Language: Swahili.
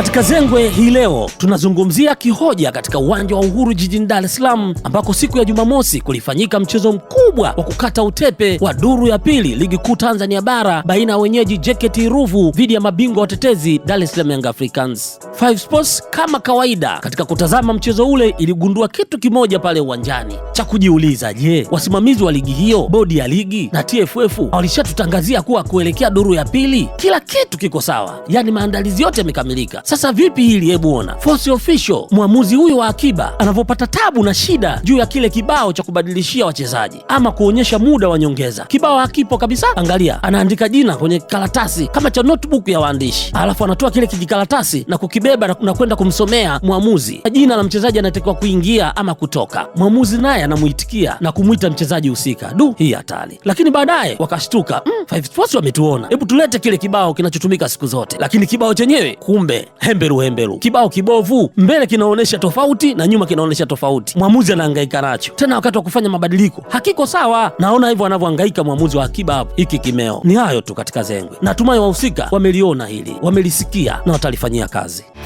Katika Zengwe hii leo tunazungumzia kihoja katika uwanja wa Uhuru jijini Dar es Salaam, ambako siku ya Jumamosi kulifanyika mchezo mkubwa wa kukata utepe wa duru ya pili ligi kuu Tanzania bara baina ya wenyeji JKT Ruvu dhidi ya mabingwa watetezi Dar es Salaam Young Africans. Five Sports kama kawaida katika kutazama mchezo ule iligundua kitu kimoja pale uwanjani cha kujiuliza: je, wasimamizi wa ligi hiyo, bodi ya ligi na TFF walishatutangazia kuwa kuelekea duru ya pili kila kitu kiko sawa, yaani maandalizi yote yamekamilika sasa vipi hili? Hebu ona force official, mwamuzi huyu wa akiba anavyopata tabu na shida juu ya kile kibao cha kubadilishia wachezaji ama kuonyesha muda wa nyongeza. Kibao hakipo kabisa, angalia, anaandika jina kwenye karatasi kama cha notebook ya waandishi, alafu anatoa kile kijikaratasi na kukibeba na kwenda kumsomea mwamuzi jina la mchezaji anatakiwa kuingia ama kutoka. Mwamuzi naye anamuitikia na kumwita mchezaji husika. Du, hii hatari! Lakini baadaye wakashtuka, mm, Five Sports wametuona, hebu tulete kile kibao kinachotumika siku zote. Lakini kibao chenyewe kumbe hembelu hembelu. Kibao kibovu mbele kinaonyesha tofauti na nyuma kinaonyesha tofauti. Mwamuzi anahangaika nacho tena, wakati wa kufanya mabadiliko hakiko sawa. Naona hivyo anavyohangaika mwamuzi wa akiba hapo. Hiki kimeo ni hayo tu katika zengwe. Natumai wahusika wameliona hili, wamelisikia na watalifanyia kazi.